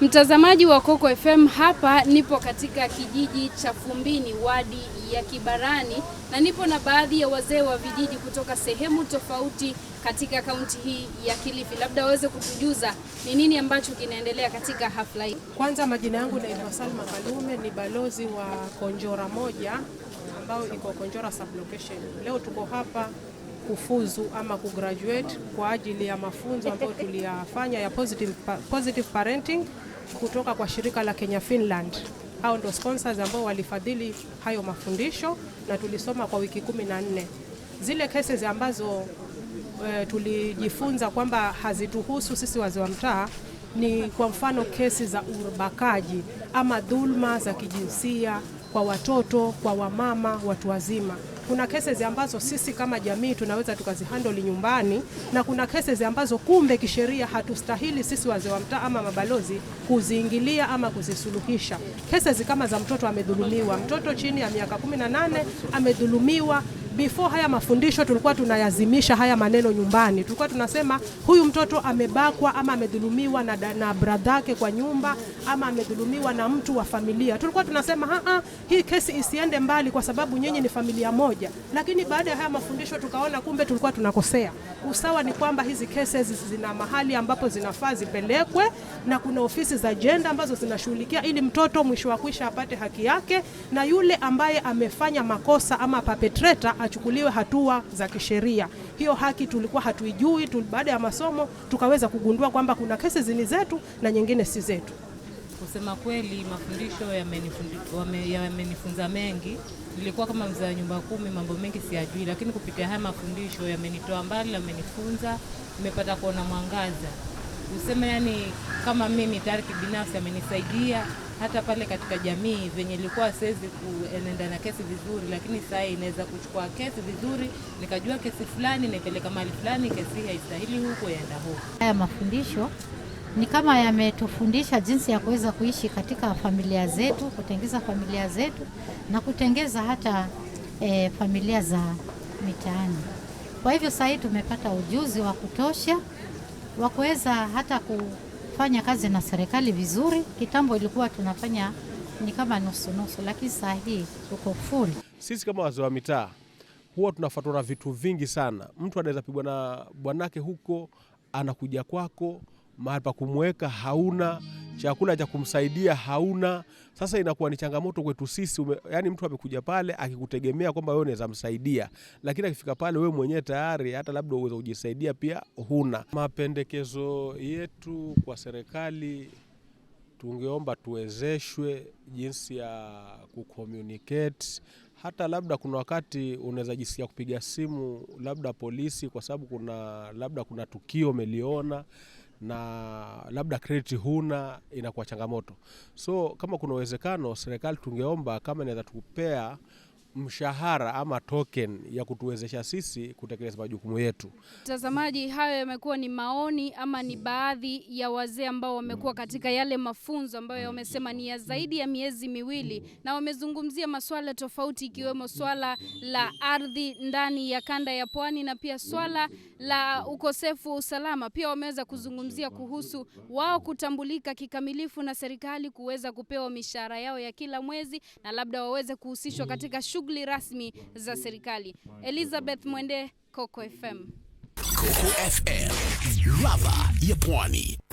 Mtazamaji wa Coco FM, hapa nipo katika kijiji cha Fumbini, wadi ya Kibarani, na nipo na baadhi ya wazee wa vijiji kutoka sehemu tofauti katika kaunti hii ya Kilifi. Labda waweze kutujuza ni nini ambacho kinaendelea katika hafla hii. Kwanza, majina yangu naitwa Salma Kalume, ni balozi wa Konjora moja ambayo iko Konjora sublocation. Leo tuko hapa kufuzu ama kugraduate kwa ajili ya mafunzo ambayo tuliyafanya ya positive, positive parenting kutoka kwa shirika la Kenya Finland. Hao ndio sponsors ambao walifadhili hayo mafundisho na tulisoma kwa wiki kumi na nne. Zile cases ambazo e, tulijifunza kwamba hazituhusu sisi wazee wa mtaa ni kwa mfano kesi za ubakaji ama dhulma za kijinsia kwa watoto, kwa wamama, watu wazima. Kuna cases ambazo sisi kama jamii tunaweza tukazihandle nyumbani na kuna cases ambazo kumbe kisheria hatustahili sisi wazee wa mtaa ama mabalozi kuziingilia ama kuzisuluhisha. Cases kama za mtoto amedhulumiwa, mtoto chini ya miaka 18 amedhulumiwa before haya mafundisho tulikuwa tunayazimisha haya maneno nyumbani. Tulikuwa tunasema huyu mtoto amebakwa ama amedhulumiwa na, na bradhake kwa nyumba ama amedhulumiwa na mtu wa familia. Tulikuwa tunasema haa, hii kesi isiende mbali kwa sababu nyinyi ni familia moja, lakini baada ya haya mafundisho tukaona kumbe tulikuwa tunakosea. Usawa ni kwamba hizi cases zina mahali ambapo zinafaa zipelekwe, na kuna ofisi za jenda ambazo zinashughulikia ili mtoto mwisho wa kwisha apate haki yake, na yule ambaye amefanya makosa ama perpetrator achukuliwe hatua za kisheria. Hiyo haki tulikuwa hatuijui, baada ya masomo tukaweza kugundua kwamba kuna kesi ni zetu na nyingine si zetu. Kusema kweli, mafundisho yamenifunza ya mengi. Nilikuwa kama mzee wa nyumba kumi, mambo mengi siyajui, lakini kupitia haya mafundisho yamenitoa mbali, yamenifunza, nimepata kuona mwangaza. Niseme yani kama mimi tariki binafsi amenisaidia hata pale katika jamii venye ilikuwa siwezi kuenenda na kesi vizuri, lakini sasa inaweza kuchukua kesi vizuri, nikajua kesi fulani naipeleka mahali fulani, kesi hii haistahili huku, yaenda huku. Haya mafundisho ni kama yametufundisha jinsi ya kuweza kuishi katika familia zetu, kutengeza familia zetu na kutengeza hata e, familia za mitaani. Kwa hivyo sasa tumepata ujuzi wa kutosha wa kuweza hata kufanya kazi na serikali vizuri. Kitambo ilikuwa tunafanya ni kama nusu nusu, lakini saa hii tuko full. Sisi kama wazee wa mitaa huwa tunafuatwa na vitu vingi sana. Mtu anaweza pigwa na bwanake huko, anakuja kwako, mahali pa kumweka hauna chakula cha kumsaidia hauna. Sasa inakuwa ni changamoto kwetu sisi ume, yani mtu amekuja pale akikutegemea kwamba wewe unaweza msaidia, lakini akifika pale wewe mwenyewe tayari hata labda uweza kujisaidia pia huna. Mapendekezo yetu kwa serikali, tungeomba tuwezeshwe jinsi ya kucommunicate hata labda kuna wakati unaweza jisikia kupiga simu labda polisi, kwa sababu kuna labda kuna tukio umeliona na labda krediti huna, inakuwa changamoto. So kama kuna uwezekano, serikali tungeomba kama inaweza tupea mshahara ama token ya kutuwezesha sisi kutekeleza majukumu yetu. Mtazamaji, hayo yamekuwa ni maoni ama ni baadhi ya wazee ambao wamekuwa katika yale mafunzo ambayo wamesema ni ya zaidi ya miezi miwili, na wamezungumzia masuala tofauti ikiwemo swala la ardhi ndani ya kanda ya Pwani na pia swala la ukosefu wa usalama. Pia wameweza kuzungumzia kuhusu wao kutambulika kikamilifu na serikali kuweza kupewa mishahara yao ya kila mwezi na labda waweze kuhusishwa katika shughuli shughuli rasmi za serikali. Elizabeth Mwende, Coco FM. Coco FM, ladha ya Pwani.